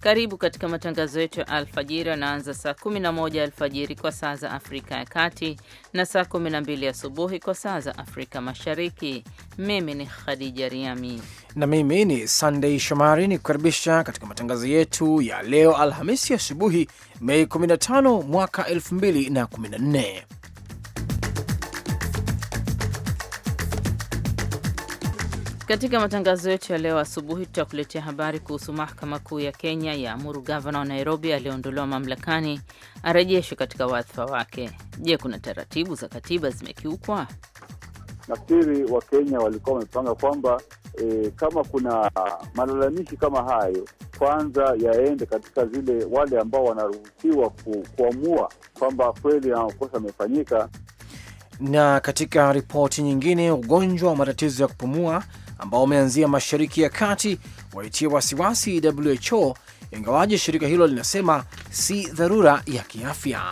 Karibu katika matangazo yetu ya alfajiri yanaanza saa 11 alfajiri kwa saa za Afrika ya Kati na saa 12 asubuhi kwa saa za Afrika Mashariki. Mimi ni Khadija Riami na mimi ni sandei Shomari ni kukaribisha katika matangazo yetu ya leo Alhamisi asubuhi Mei 15 mwaka 2014. Katika matangazo yetu ya leo asubuhi, tutakuletea habari kuhusu mahakama kuu ya Kenya yaamuru gavana wa Nairobi aliyeondolewa mamlakani arejeshwe katika wadhifa wake. Je, kuna taratibu za katiba zimekiukwa? Nafikiri Wakenya walikuwa wamepanga kwamba e, kama kuna malalamishi kama hayo kwanza yaende katika zile wale ambao wanaruhusiwa ku, kuamua kwamba kweli na makosa amefanyika. Na katika ripoti nyingine, ugonjwa wa matatizo ya kupumua ambao umeanzia mashariki ya kati waitia wasiwasi WHO, ingawaje shirika hilo linasema si dharura ya kiafya.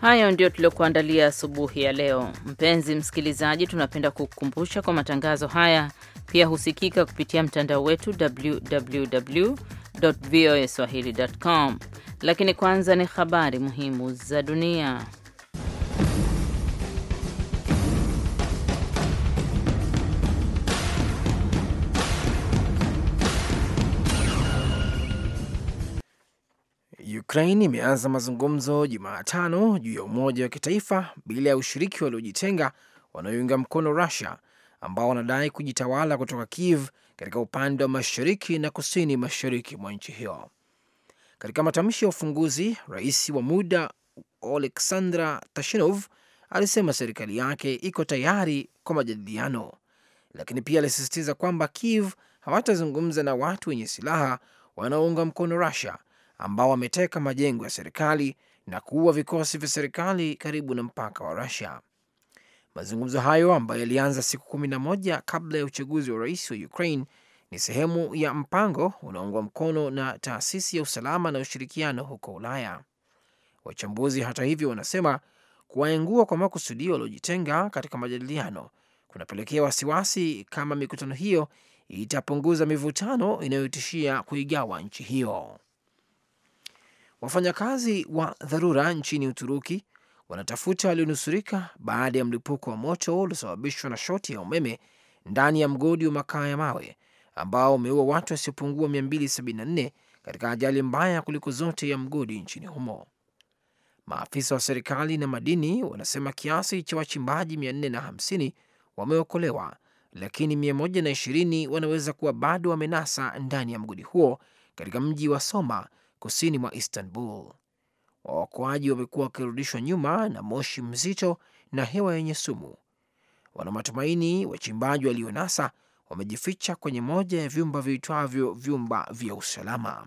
Hayo ndio tuliokuandalia asubuhi ya leo. Mpenzi msikilizaji, tunapenda kukukumbusha kwa matangazo haya pia husikika kupitia mtandao wetu www voa swahili com, lakini kwanza ni habari muhimu za dunia. Ukraine imeanza mazungumzo Jumatano juu ya umoja wa kitaifa bila ya ushiriki waliojitenga wanaoiunga mkono Russia ambao wanadai kujitawala kutoka Kiev katika upande wa mashariki na kusini mashariki mwa nchi hiyo. Katika matamshi ya ufunguzi, rais wa muda Oleksandra Tashinov alisema serikali yake iko tayari kwa majadiliano, lakini pia alisisitiza kwamba Kiev hawatazungumza na watu wenye silaha wanaounga mkono russia ambao wameteka majengo ya serikali na kuua vikosi vya serikali karibu na mpaka wa Rusia. Mazungumzo hayo ambayo yalianza siku kumi na moja kabla ya uchaguzi wa rais wa Ukraine ni sehemu ya mpango unaoungwa mkono na taasisi ya usalama na ushirikiano huko Ulaya. Wachambuzi hata hivyo, wanasema kuwaengua kwa makusudio waliojitenga katika majadiliano kunapelekea wasiwasi kama mikutano hiyo itapunguza mivutano inayotishia kuigawa nchi hiyo. Wafanyakazi wa dharura nchini Uturuki wanatafuta walionusurika baada ya mlipuko wa moto uliosababishwa na shoti ya umeme ndani ya mgodi wa makaa ya mawe ambao umeua watu wasiopungua 274 katika ajali mbaya kuliko zote ya mgodi nchini humo. Maafisa wa serikali na madini wanasema kiasi cha wachimbaji 450 wameokolewa, lakini 120 wanaweza kuwa bado wamenasa ndani ya mgodi huo katika mji wa Soma kusini mwa Istanbul. Waokoaji wamekuwa wakirudishwa nyuma na moshi mzito na hewa yenye sumu. Wana matumaini wachimbaji walionasa wamejificha kwenye moja ya vyumba viitwavyo vyumba vya usalama.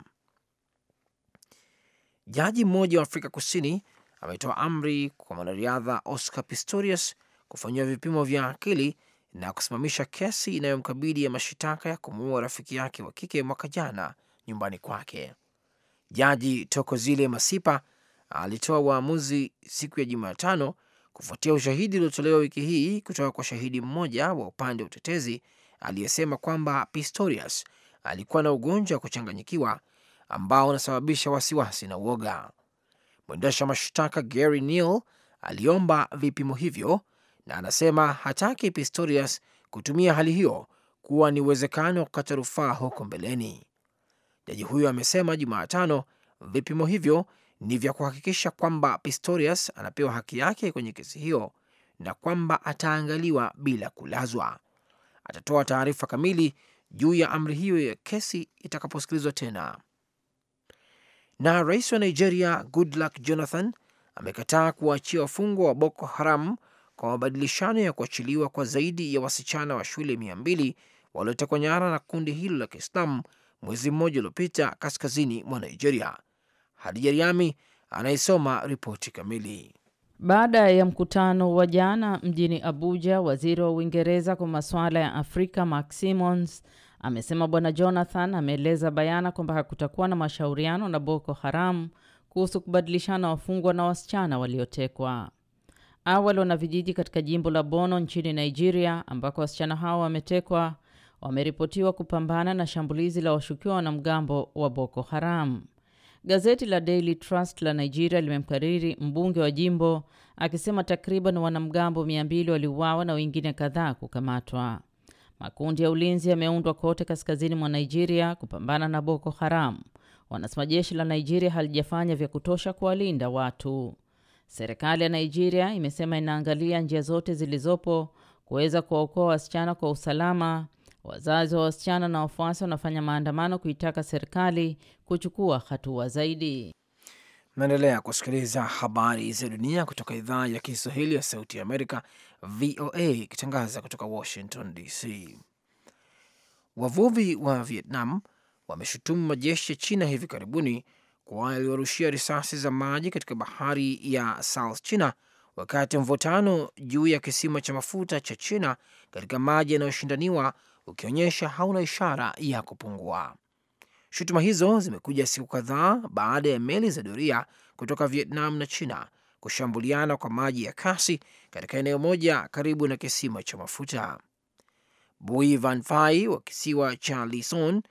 Jaji mmoja wa Afrika Kusini ametoa amri kwa mwanariadha Oscar Pistorius kufanyiwa vipimo vya akili na kusimamisha kesi inayomkabili ya mashitaka ya kumuua rafiki yake wa kike mwaka jana nyumbani kwake. Jaji Tokozile Masipa alitoa uamuzi siku ya Jumatano kufuatia ushahidi uliotolewa wiki hii kutoka kwa shahidi mmoja wa upande wa utetezi aliyesema kwamba Pistorius alikuwa na ugonjwa wa kuchanganyikiwa ambao unasababisha wasiwasi na uoga. Mwendesha mashtaka Gary Neal aliomba vipimo hivyo na anasema hataki Pistorius kutumia hali hiyo kuwa ni uwezekano wa kukata rufaa huko mbeleni. Jaji huyo amesema Jumatano vipimo hivyo ni vya kuhakikisha kwamba Pistorius anapewa haki yake kwenye kesi hiyo na kwamba ataangaliwa bila kulazwa. Atatoa taarifa kamili juu ya amri hiyo ya kesi itakaposikilizwa tena. Na rais wa Nigeria Goodluck Jonathan amekataa kuwaachia wafungwa wa Boko Haram kwa mabadilishano ya kuachiliwa kwa zaidi ya wasichana wa shule mia mbili waliotekwa nyara na kundi hilo la Kiislamu mwezi mmoja uliopita kaskazini mwa Nigeria. Hadija Riami anayesoma ripoti kamili. Baada ya mkutano wa jana mjini Abuja, waziri wa Uingereza kwa masuala ya Afrika Mark Simons amesema Bwana Jonathan ameeleza bayana kwamba hakutakuwa na mashauriano na Boko Haram kuhusu kubadilishana wafungwa na wasichana waliotekwa. Awali, wana vijiji katika jimbo la Bono nchini Nigeria, ambako wasichana hao wametekwa, wameripotiwa kupambana na shambulizi la washukiwa wanamgambo wa Boko Haram. Gazeti la Daily Trust la Nigeria limemkariri mbunge wa jimbo akisema takriban wanamgambo 200 waliuawa na wengine kadhaa kukamatwa. Makundi ya ulinzi yameundwa kote kaskazini mwa Nigeria kupambana na Boko Haram. Wanasema jeshi la Nigeria halijafanya vya kutosha kuwalinda watu. Serikali ya Nigeria imesema inaangalia njia zote zilizopo kuweza kuwaokoa wasichana kwa usalama Wazazi wa wasichana na wafuasi wanafanya maandamano kuitaka serikali kuchukua hatua zaidi. Naendelea kusikiliza habari za dunia kutoka idhaa ya Kiswahili ya Sauti ya Amerika, VOA, ikitangaza kutoka Washington DC. Wavuvi wa Vietnam wameshutumu majeshi ya China hivi karibuni kuwa yaliwarushia risasi za maji katika bahari ya South China wakati mvutano juu ya kisima cha mafuta cha China katika maji yanayoshindaniwa ukionyesha hauna ishara ya kupungua. Shutuma hizo zimekuja siku kadhaa baada ya meli za doria kutoka Vietnam na China kushambuliana kwa maji ya kasi katika eneo moja karibu na kisima cha mafuta. Bui Van Fai wa kisiwa cha Lison,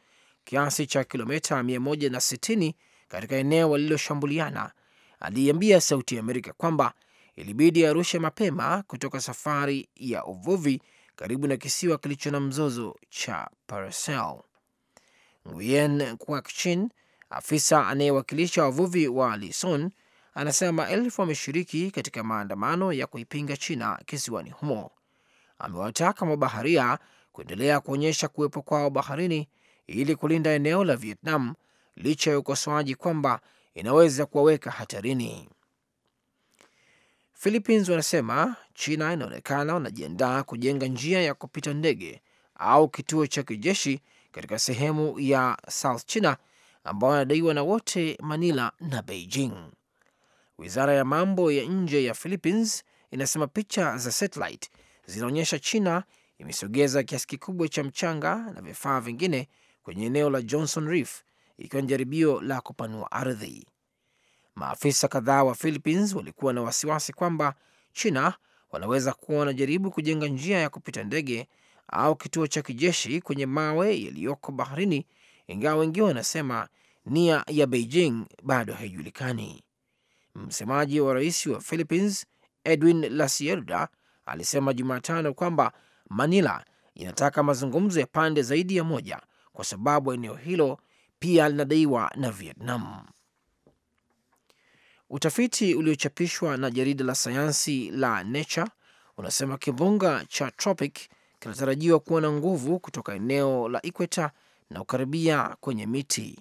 kiasi cha kilomita 160 katika eneo waliloshambuliana, aliiambia Sauti ya Amerika kwamba ilibidi arushe mapema kutoka safari ya uvuvi karibu na kisiwa kilicho na mzozo cha Paracel. Nguyen Quachin, afisa anayewakilisha wavuvi wa Lison, anasema maelfu wameshiriki katika maandamano ya kuipinga China kisiwani humo. Amewataka mabaharia kuendelea kuonyesha kuwepo kwao baharini ili kulinda eneo la Vietnam licha ya ukosoaji kwamba inaweza kuwaweka hatarini. Philippines wanasema China inaonekana wanajiandaa kujenga njia ya kupita ndege au kituo cha kijeshi katika sehemu ya South China ambayo wanadaiwa na wote Manila na Beijing. Wizara ya mambo ya nje ya Philippines inasema picha za satellite zinaonyesha China imesogeza kiasi kikubwa cha mchanga na vifaa vingine kwenye eneo la Johnson Reef ikiwa ni jaribio la kupanua ardhi. Maafisa kadhaa wa Philippines walikuwa na wasiwasi kwamba China wanaweza kuwa wanajaribu kujenga njia ya kupita ndege au kituo cha kijeshi kwenye mawe yaliyoko baharini, ingawa wengiwa wanasema nia ya Beijing bado haijulikani. Msemaji wa rais wa Philippines Edwin Lasierda alisema Jumatano kwamba Manila inataka mazungumzo ya pande zaidi ya moja kwa sababu eneo hilo pia linadaiwa na Vietnam. Utafiti uliochapishwa na jarida la sayansi la Nature unasema kimbunga cha tropic kinatarajiwa kuwa na nguvu kutoka eneo la ikweta na kukaribia kwenye miti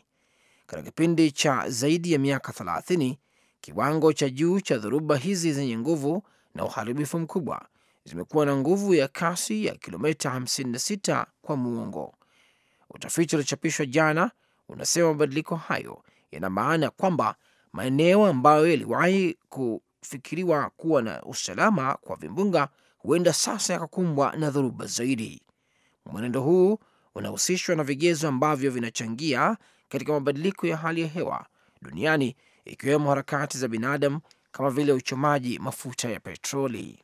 katika kipindi cha zaidi ya miaka 30. Kiwango cha juu cha dhoruba hizi zenye nguvu na uharibifu mkubwa zimekuwa na nguvu ya kasi ya kilomita 56 kwa muongo. Utafiti uliochapishwa jana unasema mabadiliko hayo yana maana kwamba maeneo ambayo yaliwahi kufikiriwa kuwa na usalama kwa vimbunga huenda sasa yakakumbwa na dhoruba zaidi. Mwenendo huu unahusishwa na vigezo ambavyo vinachangia katika mabadiliko ya hali ya hewa duniani ikiwemo harakati za binadamu kama vile uchomaji mafuta ya petroli.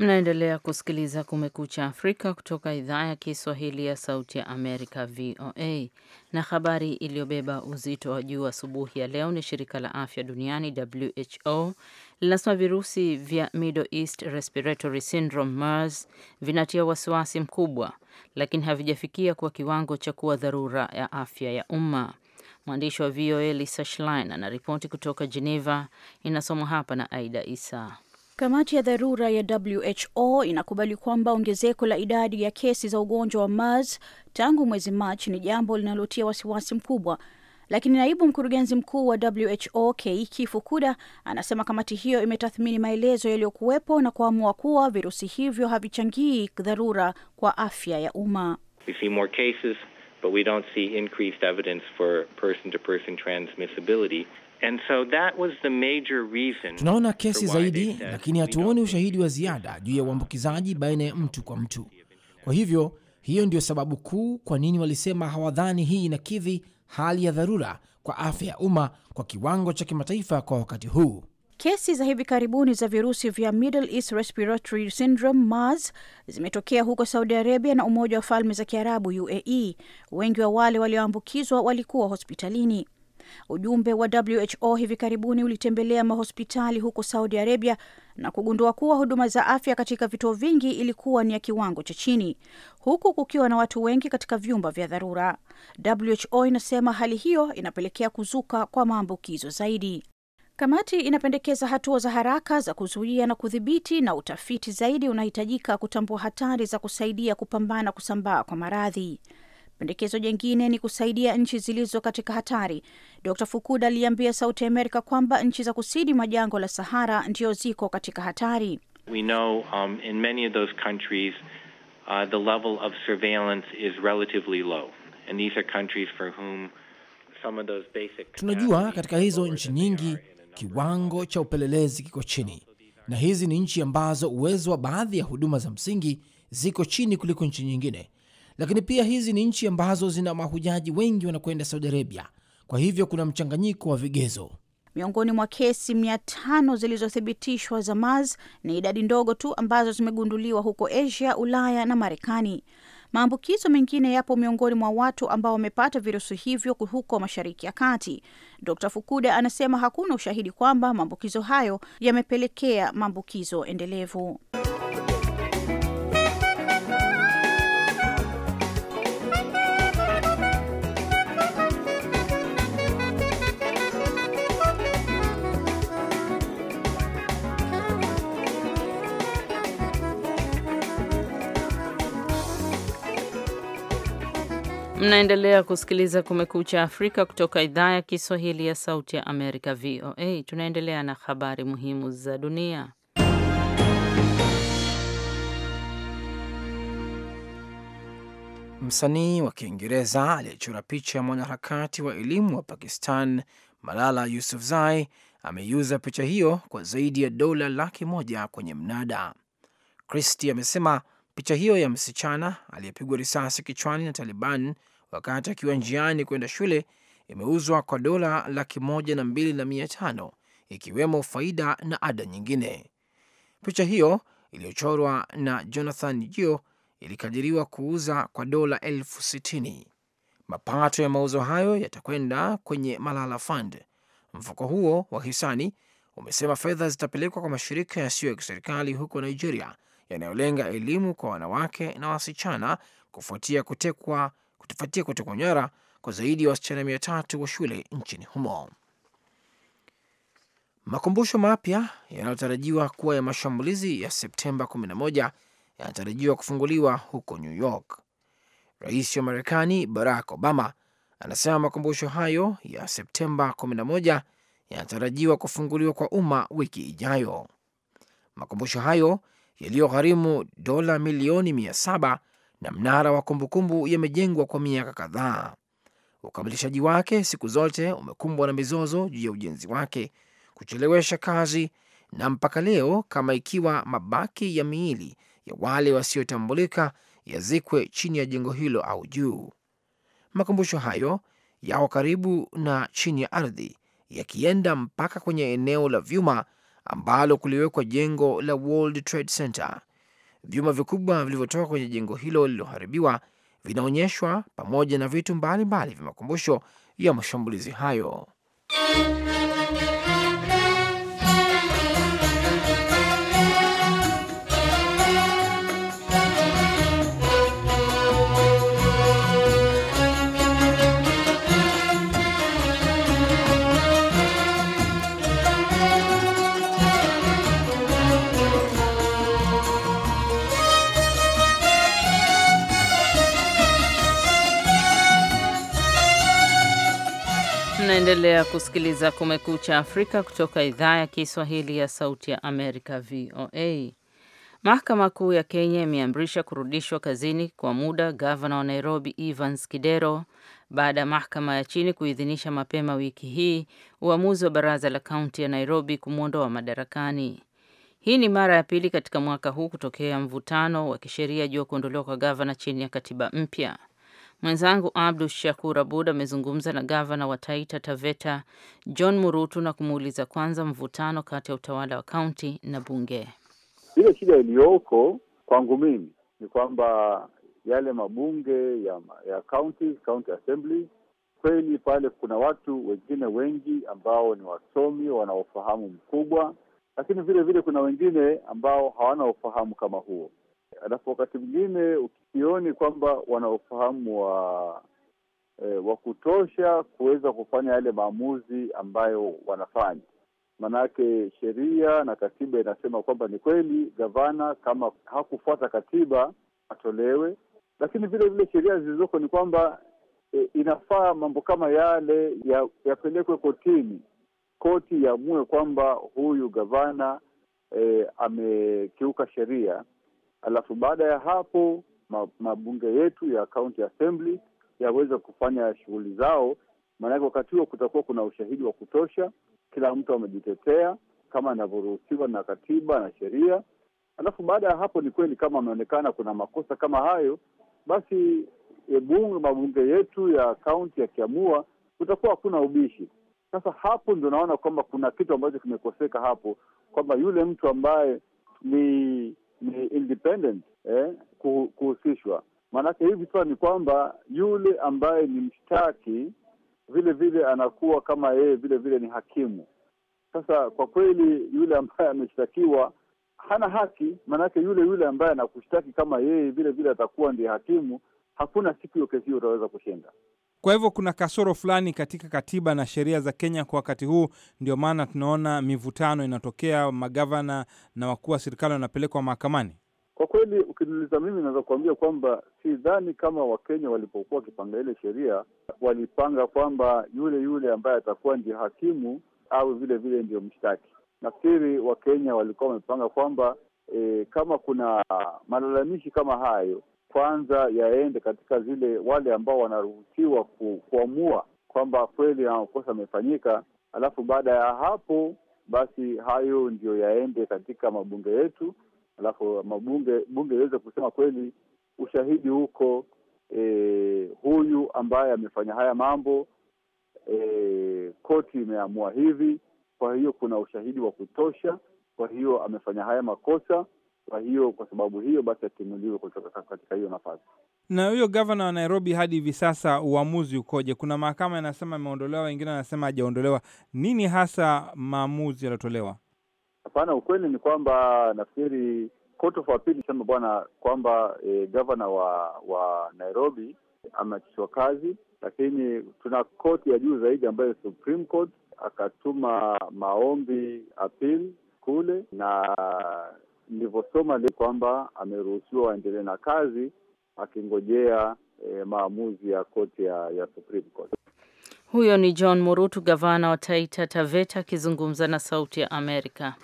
Mnaendelea kusikiliza Kumekucha Afrika kutoka idhaa ya Kiswahili ya Sauti ya Amerika, VOA. Na habari iliyobeba uzito wa juu asubuhi ya leo ni shirika la afya duniani WHO linasema virusi vya Middle East Respiratory Syndrome MERS vinatia wasiwasi mkubwa, lakini havijafikia kwa kiwango cha kuwa dharura ya afya ya umma. Mwandishi wa VOA Lisa Schlein anaripoti kutoka Geneva, inasomwa hapa na Aida Isa. Kamati ya dharura ya WHO inakubali kwamba ongezeko la idadi ya kesi za ugonjwa wa MERS tangu mwezi Machi ni jambo linalotia wasiwasi mkubwa, lakini naibu mkurugenzi mkuu wa WHO Keiki Fukuda anasema kamati hiyo imetathmini maelezo yaliyokuwepo na kuamua kuwa virusi hivyo havichangii dharura kwa afya ya umma. So that was the major reason. Tunaona kesi zaidi, lakini hatuoni ushahidi wa ziada juu ya uambukizaji baina ya mtu kwa mtu. Kwa hivyo hiyo ndiyo sababu kuu kwa nini walisema hawadhani hii inakidhi hali ya dharura kwa afya ya umma kwa kiwango cha kimataifa kwa wakati huu. Kesi za hivi karibuni za virusi vya Middle East Respiratory Syndrome MERS zimetokea huko Saudi Arabia na Umoja wa Falme za Kiarabu UAE. Wengi wa wale walioambukizwa walikuwa hospitalini. Ujumbe wa WHO hivi karibuni ulitembelea mahospitali huko Saudi Arabia na kugundua kuwa huduma za afya katika vituo vingi ilikuwa ni ya kiwango cha chini, huku kukiwa na watu wengi katika vyumba vya dharura. WHO inasema hali hiyo inapelekea kuzuka kwa maambukizo zaidi. Kamati inapendekeza hatua za haraka za kuzuia na kudhibiti, na utafiti zaidi unahitajika kutambua hatari za kusaidia kupambana kusambaa kwa maradhi. Pendekezo jingine ni kusaidia nchi zilizo katika hatari. Dr Fukuda aliambia Sauti Amerika kwamba nchi za kusini mwa jangwa la Sahara ndiyo ziko katika hatari. We know, um, in many of those countries, uh, the level of surveillance is relatively low. And these are countries for whom some of those basic... Tunajua katika hizo nchi nyingi kiwango cha upelelezi kiko chini, na hizi ni nchi ambazo uwezo wa baadhi ya huduma za msingi ziko chini kuliko nchi nyingine lakini pia hizi ni nchi ambazo zina mahujaji wengi wanakwenda Saudi Arabia, kwa hivyo kuna mchanganyiko wa vigezo. Miongoni mwa kesi mia tano zilizothibitishwa za mas ni idadi ndogo tu ambazo zimegunduliwa huko Asia, Ulaya na Marekani. Maambukizo mengine yapo miongoni mwa watu ambao wamepata virusi hivyo huko Mashariki ya Kati. Dr Fukuda anasema hakuna ushahidi kwamba maambukizo hayo yamepelekea maambukizo endelevu. Mnaendelea kusikiliza Kumekucha Afrika kutoka idhaa ya Kiswahili ya Sauti ya Amerika, VOA. Tunaendelea na habari muhimu za dunia. Msanii wa Kiingereza aliyechora picha ya mwanaharakati wa elimu wa Pakistan Malala Yousafzai ameiuza picha hiyo kwa zaidi ya dola laki moja kwenye mnada. Christie amesema Picha hiyo ya msichana aliyepigwa risasi kichwani na Taliban wakati akiwa njiani kwenda shule imeuzwa kwa dola laki moja na mbili na mia tano ikiwemo faida na ada nyingine. Picha hiyo iliyochorwa na Jonathan Gio ilikadiriwa kuuza kwa dola elfu sitini. Mapato ya mauzo hayo yatakwenda kwenye Malala Fund. Mfuko huo wa hisani umesema fedha zitapelekwa kwa mashirika yasiyo ya kiserikali huko Nigeria yanayolenga elimu kwa wanawake na wasichana kufuatia kutekwa, kutufuatia kutekwa nyara kwa zaidi ya wasichana mia tatu wa shule nchini humo. Makumbusho mapya yanayotarajiwa kuwa ya mashambulizi ya Septemba 11 yanatarajiwa kufunguliwa huko New York. Rais wa Marekani Barack Obama anasema makumbusho hayo ya Septemba 11 yanatarajiwa kufunguliwa kwa umma wiki ijayo. Makumbusho hayo yaliyogharimu dola milioni mia saba na mnara wa kumbukumbu yamejengwa kwa miaka kadhaa. Ukamilishaji wake siku zote umekumbwa na mizozo juu ya ujenzi wake, kuchelewesha kazi na mpaka leo, kama ikiwa mabaki ya miili ya wale wasiotambulika yazikwe chini ya jengo hilo au juu. Makumbusho hayo yako karibu na chini ya ardhi, yakienda mpaka kwenye eneo la vyuma ambalo kuliwekwa jengo la World Trade Center. Vyuma vikubwa vilivyotoka kwenye jengo hilo lililoharibiwa vinaonyeshwa pamoja na vitu mbalimbali vya makumbusho ya mashambulizi hayo. Unaendelea kusikiliza Kumekucha Afrika kutoka idhaa ya Kiswahili ya Sauti ya Amerika, VOA. Mahakama Kuu ya Kenya imeamrisha kurudishwa kazini kwa muda gavana wa Nairobi Evans Kidero baada ya mahakama ya chini kuidhinisha mapema wiki hii uamuzi wa baraza la kaunti ya Nairobi kumwondoa madarakani. Hii ni mara ya pili katika mwaka huu kutokea mvutano wa kisheria juu ya kuondolewa kwa gavana chini ya katiba mpya. Mwenzangu Abdu Shakur Abud amezungumza na gavana wa Taita Taveta John Murutu na kumuuliza kwanza mvutano kati ya utawala wa kaunti na bunge. Ile shida iliyoko kwangu mimi ni kwamba yale mabunge ya ya county, county assembly kweli pale kuna watu wengine wengi ambao ni wasomi wana ufahamu mkubwa, lakini vile vile kuna wengine ambao hawana ufahamu kama huo alafu wakati mwingine ukioni kwamba wana ufahamu wa e, wa kutosha kuweza kufanya yale maamuzi ambayo wanafanya. Maanake sheria na katiba inasema kwamba ni kweli gavana kama hakufuata katiba atolewe, lakini vile vile sheria zilizoko ni kwamba e, inafaa mambo kama yale yapelekwe ya kotini, koti iamue kwamba huyu gavana e, amekiuka sheria Alafu baada ya hapo mabunge yetu ya county assembly yaweza kufanya shughuli zao, maanake wakati huo kutakuwa kuna ushahidi wa kutosha, kila mtu amejitetea kama anavyoruhusiwa na katiba na sheria. Alafu baada ya hapo, ni kweli kama ameonekana kuna makosa kama hayo, basi e, bunge mabunge yetu ya kaunti yakiamua, kutakuwa hakuna ubishi. Sasa hapo ndio naona kwamba kuna kitu ambacho kimekoseka hapo, kwamba yule mtu ambaye ni ni independent eh, kuhusishwa. Maanake hivi sasa ni kwamba yule ambaye ni mshtaki vile vile anakuwa kama yeye vile vile ni hakimu. Sasa kwa kweli, yule ambaye ameshtakiwa hana haki, maanake yule yule ambaye anakushtaki kama yeye vile vile atakuwa ndiye hakimu. Hakuna siku hiyo kesi hiyo utaweza kushinda. Kwa hivyo kuna kasoro fulani katika katiba na sheria za Kenya kwa wakati huu. Ndio maana tunaona mivutano inatokea, magavana na wakuu wa serikali wanapelekwa mahakamani. Kwa kweli, ukiniuliza mimi, naweza kuambia kwamba sidhani kama Wakenya walipokuwa wakipanga ile sheria walipanga kwamba yule yule ambaye atakuwa ndio hakimu au vile vile ndio mshtaki. Nafikiri Wakenya walikuwa wamepanga kwamba e, kama kuna malalamishi kama hayo kwanza yaende katika zile wale ambao wanaruhusiwa ku, kuamua kwamba kweli na makosa amefanyika, alafu baada ya hapo basi hayo ndiyo yaende katika mabunge yetu, alafu mabunge bunge iweze kusema kweli ushahidi huko, e, huyu ambaye amefanya haya mambo e, koti imeamua hivi, kwa hiyo kuna ushahidi wa kutosha, kwa hiyo amefanya haya makosa kwa hiyo kwa sababu hiyo basi atimuliwe kutoka katika hiyo nafasi. Na huyo gavana wa Nairobi hadi hivi sasa uamuzi ukoje? Kuna mahakama inasema imeondolewa, wengine wanasema hajaondolewa. Nini hasa maamuzi yaliotolewa? Hapana, ukweli ni kwamba nafikiri Court of Appeal sema bwana kwamba e, gavana wa wa Nairobi ameachishwa kazi, lakini tuna koti ya juu zaidi ambayo Supreme Court akatuma maombi appeal kule na nilivyosoma ni kwamba ameruhusiwa waendelee na kazi akingojea e, maamuzi ya koti ya, ya Supreme Court. Huyo ni John Murutu, gavana wa Taita Taveta akizungumza na Sauti ya Amerika.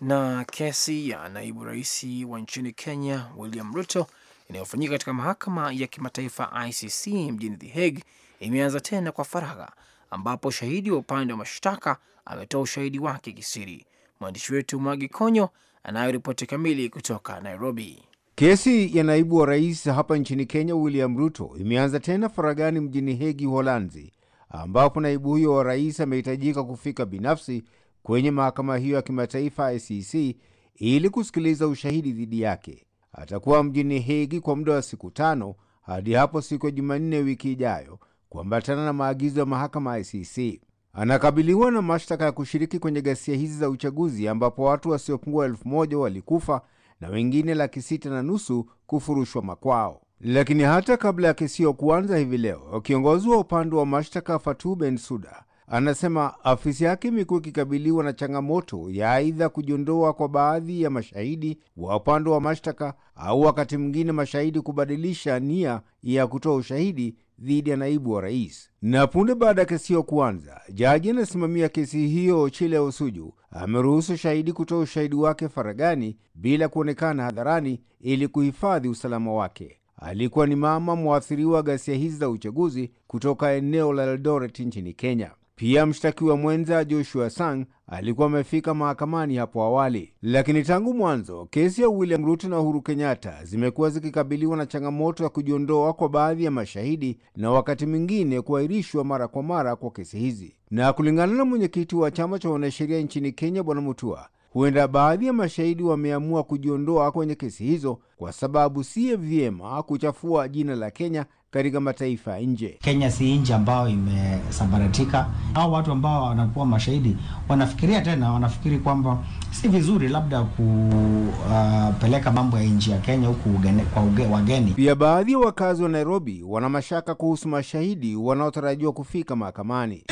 Na kesi ya naibu rais wa nchini Kenya William Ruto inayofanyika katika mahakama ya kimataifa ICC mjini The Hague imeanza tena kwa faragha, ambapo shahidi wa upande wa mashtaka ametoa ushahidi wake kisiri. Mwandishi wetu Mwagi Konyo anayo ripoti kamili kutoka Nairobi. Kesi ya naibu wa rais hapa nchini Kenya William Ruto imeanza tena faragani mjini Hegi, holanzi ambapo naibu huyo wa rais amehitajika kufika binafsi kwenye mahakama hiyo ya kimataifa ICC ili kusikiliza ushahidi dhidi yake. Atakuwa mjini Hegi kwa muda wa siku tano hadi hapo siku ya Jumanne wiki ijayo kuambatana na maagizo ya mahakama ICC anakabiliwa na mashtaka ya kushiriki kwenye ghasia hizi za uchaguzi ambapo watu wasiopungua elfu moja walikufa na wengine laki sita na nusu kufurushwa makwao. Lakini hata kabla ya kesi hiyo kuanza hivi leo, kiongozi wa upande wa mashtaka Fatou Bensouda anasema afisi yake imekuwa ikikabiliwa na changamoto ya aidha kujiondoa kwa baadhi ya mashahidi wa upande wa mashtaka au wakati mwingine mashahidi kubadilisha nia ya kutoa ushahidi dhidi ya naibu wa rais. Na punde baada ya kesi hiyo kuanza, jaji anasimamia kesi hiyo Chile Osuju ameruhusu shahidi kutoa ushahidi wake faragani bila kuonekana hadharani ili kuhifadhi usalama wake. Alikuwa ni mama mwathiriwa ghasia hizi za uchaguzi kutoka eneo la Eldoret nchini Kenya. Pia mshtakiwa mwenza Joshua Sang alikuwa amefika mahakamani hapo awali, lakini tangu mwanzo kesi ya William Ruto na Uhuru Kenyatta zimekuwa zikikabiliwa na changamoto ya kujiondoa kwa baadhi ya mashahidi na wakati mwingine kuahirishwa mara kwa mara kwa kesi hizi. Na kulingana na mwenyekiti wa chama cha wanasheria nchini Kenya, Bwana Mutua, huenda baadhi ya mashahidi wameamua kujiondoa kwenye kesi hizo kwa sababu si vyema kuchafua jina la Kenya katika mataifa ya nje. Kenya si nchi ambayo imesambaratika. Hao watu ambao wanakuwa mashahidi wanafikiria tena, wanafikiri kwamba si vizuri labda kupeleka uh, mambo ya nchi ya Kenya huku kwa uge, wageni. Pia baadhi ya wakazi wa Nairobi wana mashaka kuhusu mashahidi wanaotarajiwa kufika mahakamani.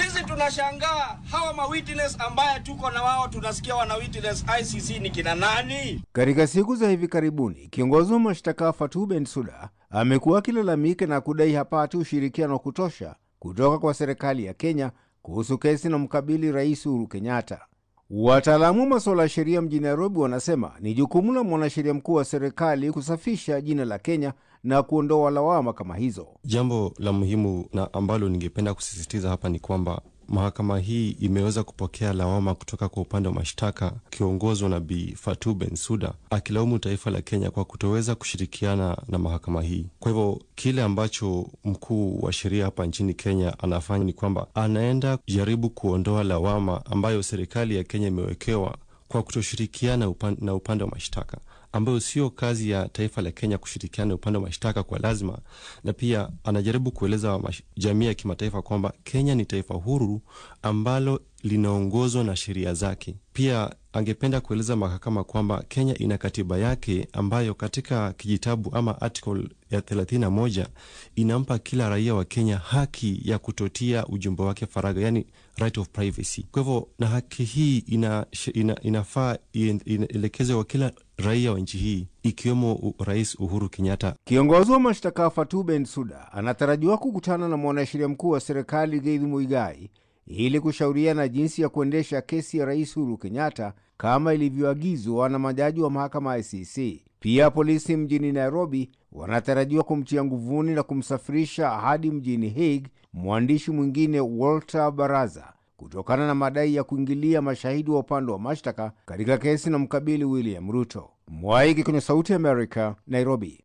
Tunashangaa hawa mawitness ambaye tuko na wao, tunasikia wana witness ICC ni kina nani? Katika siku za hivi karibuni, kiongozi wa mashtaka Fatou Bensouda amekuwa akilalamika na kudai hapati ushirikiano wa kutosha kutoka kwa serikali ya Kenya kuhusu kesi na mkabili Rais Uhuru Kenyatta. Wataalamu wa masuala ya sheria mjini Nairobi wanasema ni jukumu la mwanasheria mkuu wa serikali kusafisha jina la Kenya na kuondoa lawama kama hizo. Jambo la muhimu na ambalo ningependa kusisitiza hapa ni kwamba Mahakama hii imeweza kupokea lawama kutoka kwa upande wa mashtaka akiongozwa na Bi Fatou Bensouda akilaumu taifa la Kenya kwa kutoweza kushirikiana na mahakama hii. Kwa hivyo kile ambacho mkuu wa sheria hapa nchini Kenya anafanya ni kwamba anaenda jaribu kuondoa lawama ambayo serikali ya Kenya imewekewa kwa kutoshirikiana upan, na upande wa mashtaka ambayo sio kazi ya taifa la Kenya kushirikiana upande wa mashtaka kwa lazima, na pia anajaribu kueleza jamii ya kimataifa kwamba Kenya ni taifa huru ambalo linaongozwa na sheria zake. Pia angependa kueleza mahakama kwamba Kenya ina katiba yake ambayo katika kijitabu ama article ya 31 inampa kila raia wa Kenya haki ya kutotia ujumbe wake faragha, yani right of privacy. Kwa hivyo na haki hii ina, ina, inafaa ielekezwe kwa kila raia wa nchi hii ikiwemo Rais Uhuru Kenyatta. Kiongozi wa mashtaka Fatou Bensouda anatarajiwa kukutana na mwanasheria mkuu wa serikali Geithu Muigai ili kushauriana jinsi ya kuendesha kesi ya Rais Uhuru Kenyatta kama ilivyoagizwa na majaji wa mahakama ICC. Pia polisi mjini Nairobi wanatarajiwa kumtia nguvuni na kumsafirisha hadi mjini Hague mwandishi mwingine Walter Baraza kutokana na madai ya kuingilia mashahidi wa upande wa mashtaka katika kesi na mkabili William Ruto. Mwaiki kwenye Sauti ya Amerika, Nairobi.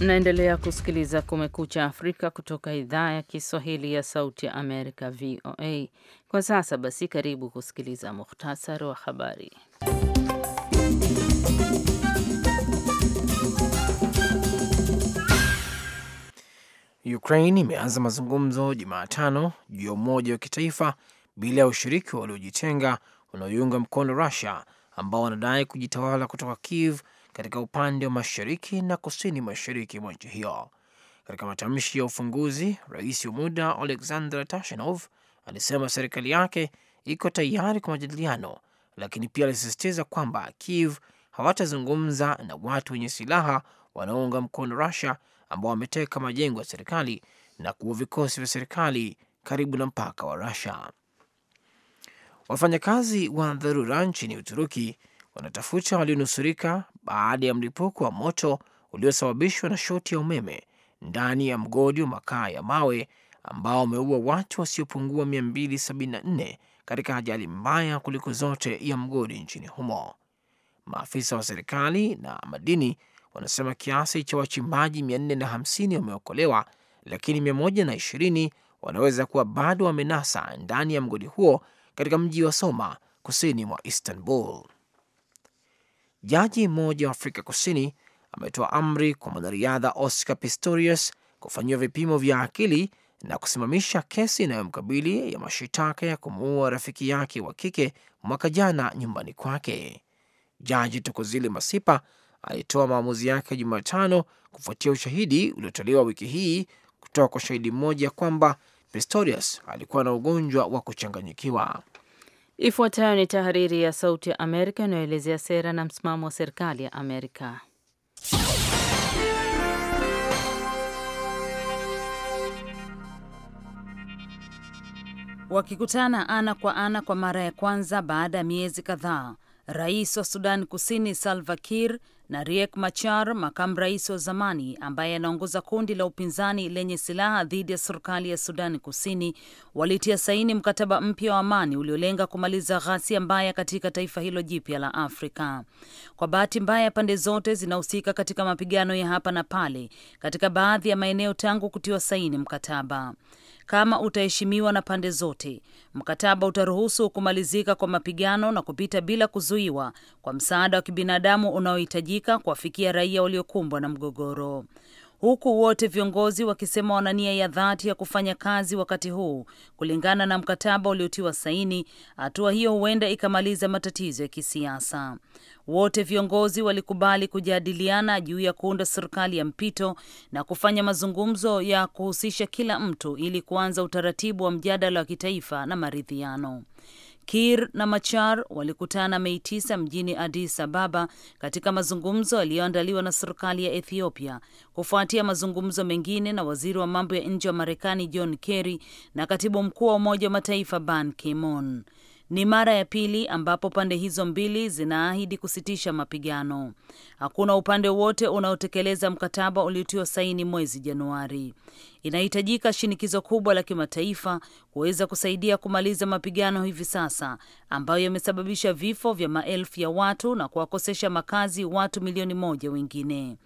Mnaendelea kusikiliza Kumekucha Afrika kutoka idhaa ya Kiswahili ya Sauti ya Amerika, VOA. Kwa sasa basi, karibu kusikiliza muhtasari wa habari. Ukraine imeanza mazungumzo Jumatano juu ya umoja wa kitaifa bila ya ushiriki waliojitenga unaoiunga mkono Rusia ambao wanadai kujitawala kutoka Kiev katika upande wa mashariki na kusini mashariki mwa nchi hiyo. Katika matamshi ya ufunguzi, rais wa muda Alexander Tashinov alisema serikali yake iko tayari kwa majadiliano, lakini pia alisisitiza kwamba Kiev hawatazungumza na watu wenye silaha wanaounga mkono Rusia ambao wameteka majengo ya serikali na kuwa vikosi vya serikali karibu na mpaka wa Rusia. Wafanyakazi wa dharura nchini Uturuki wanatafuta walionusurika baada ya mlipuko wa moto uliosababishwa na shoti ya umeme ndani ya mgodi wa makaa ya mawe ambao wameua watu wasiopungua 274 katika ajali mbaya kuliko zote ya mgodi nchini humo. Maafisa wa serikali na madini wanasema kiasi cha wachimbaji 450 wameokolewa, lakini 120 wanaweza kuwa bado wamenasa ndani ya mgodi huo katika mji wa Soma kusini mwa Istanbul. Jaji mmoja wa Afrika Kusini ametoa amri kwa mwanariadha Oscar Pistorius kufanyiwa vipimo vya akili na kusimamisha kesi inayomkabili ya mashitaka ya kumuua rafiki yake wa kike mwaka jana nyumbani kwake. Jaji tokozili Masipa alitoa maamuzi yake Jumatano kufuatia ushahidi uliotolewa wiki hii kutoka kwa shahidi mmoja kwamba Pistorius alikuwa na ugonjwa wa kuchanganyikiwa. Ifuatayo ni tahariri ya Sauti ya Amerika inayoelezea sera na msimamo wa serikali ya Amerika. Wakikutana ana kwa ana kwa mara ya kwanza baada ya miezi kadhaa, rais wa Sudan Kusini Salva Kiir na Riek Machar, makamu rais wa zamani ambaye anaongoza kundi la upinzani lenye silaha dhidi ya serikali ya Sudani Kusini, walitia saini mkataba mpya wa amani uliolenga kumaliza ghasia mbaya katika taifa hilo jipya la Afrika. Kwa bahati mbaya, pande zote zinahusika katika mapigano ya hapa na pale katika baadhi ya maeneo tangu kutiwa saini mkataba kama utaheshimiwa na pande zote. Mkataba utaruhusu kumalizika kwa mapigano na kupita bila kuzuiwa kwa msaada wa kibinadamu unaohitajika kuwafikia raia waliokumbwa na mgogoro huku wote viongozi wakisema wana nia ya dhati ya kufanya kazi wakati huu kulingana na mkataba uliotiwa saini. Hatua hiyo huenda ikamaliza matatizo ya kisiasa. Wote viongozi walikubali kujadiliana juu ya kuunda serikali ya mpito na kufanya mazungumzo ya kuhusisha kila mtu ili kuanza utaratibu wa mjadala wa kitaifa na maridhiano. Kir na Machar walikutana Mei tisa mjini Addis Ababa katika mazungumzo yaliyoandaliwa na serikali ya Ethiopia kufuatia mazungumzo mengine na waziri wa mambo ya nje wa Marekani John Kerry na katibu mkuu wa Umoja wa Mataifa Ban Ki-moon. Ni mara ya pili ambapo pande hizo mbili zinaahidi kusitisha mapigano. Hakuna upande wote unaotekeleza mkataba uliotiwa saini mwezi Januari. Inahitajika shinikizo kubwa la kimataifa kuweza kusaidia kumaliza mapigano hivi sasa ambayo yamesababisha vifo vya maelfu ya watu na kuwakosesha makazi watu milioni moja wengine.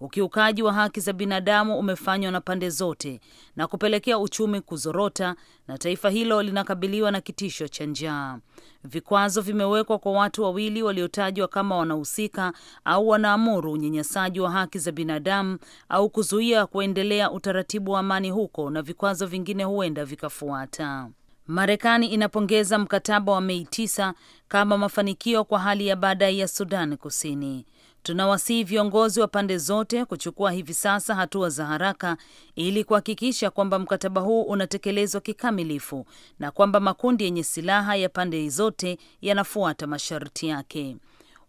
Ukiukaji wa haki za binadamu umefanywa na pande zote na kupelekea uchumi kuzorota na taifa hilo linakabiliwa na kitisho cha njaa. Vikwazo vimewekwa kwa watu wawili waliotajwa kama wanahusika au wanaamuru unyanyasaji wa haki za binadamu au kuzuia kuendelea utaratibu wa amani huko, na vikwazo vingine huenda vikafuata. Marekani inapongeza mkataba wa Mei tisa kama mafanikio kwa hali ya baadaye ya Sudan Kusini. Tunawasihi viongozi wa pande zote kuchukua hivi sasa hatua za haraka ili kuhakikisha kwamba mkataba huu unatekelezwa kikamilifu na kwamba makundi yenye silaha ya pande zote yanafuata masharti yake.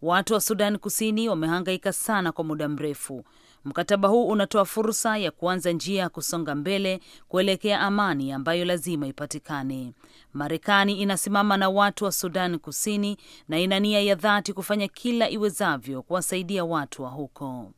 Watu wa sudani Kusini wamehangaika sana kwa muda mrefu. Mkataba huu unatoa fursa ya kuanza njia ya kusonga mbele kuelekea amani ambayo lazima ipatikane. Marekani inasimama na watu wa Sudan Kusini na ina nia ya dhati kufanya kila iwezavyo kuwasaidia watu wa huko.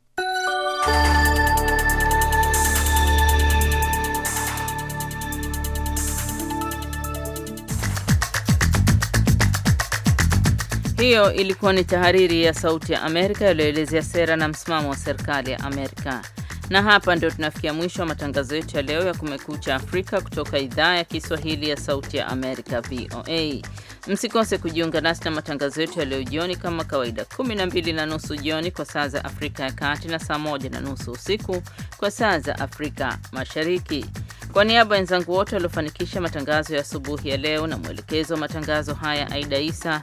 Hiyo ilikuwa ni tahariri ya Sauti ya Amerika yaliyoelezea sera na msimamo wa serikali ya Amerika. Na hapa ndio tunafikia mwisho wa matangazo yetu ya leo ya Kumekucha Afrika kutoka idhaa ya Kiswahili ya Sauti ya Amerika, VOA. Msikose kujiunga nasi na matangazo yetu ya leo jioni, kama kawaida, 12 na nusu jioni kwa saa za Afrika ya Kati na saa 1 na nusu usiku kwa saa za Afrika Mashariki. Kwa niaba ya wenzangu wote waliofanikisha matangazo ya asubuhi ya leo na mwelekezo wa matangazo haya, Aida Isa,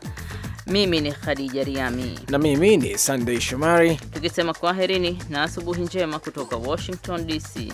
mimi ni Khadija Riami na mimi ni Sunday Shomari, tukisema kwaherini na asubuhi njema kutoka Washington DC.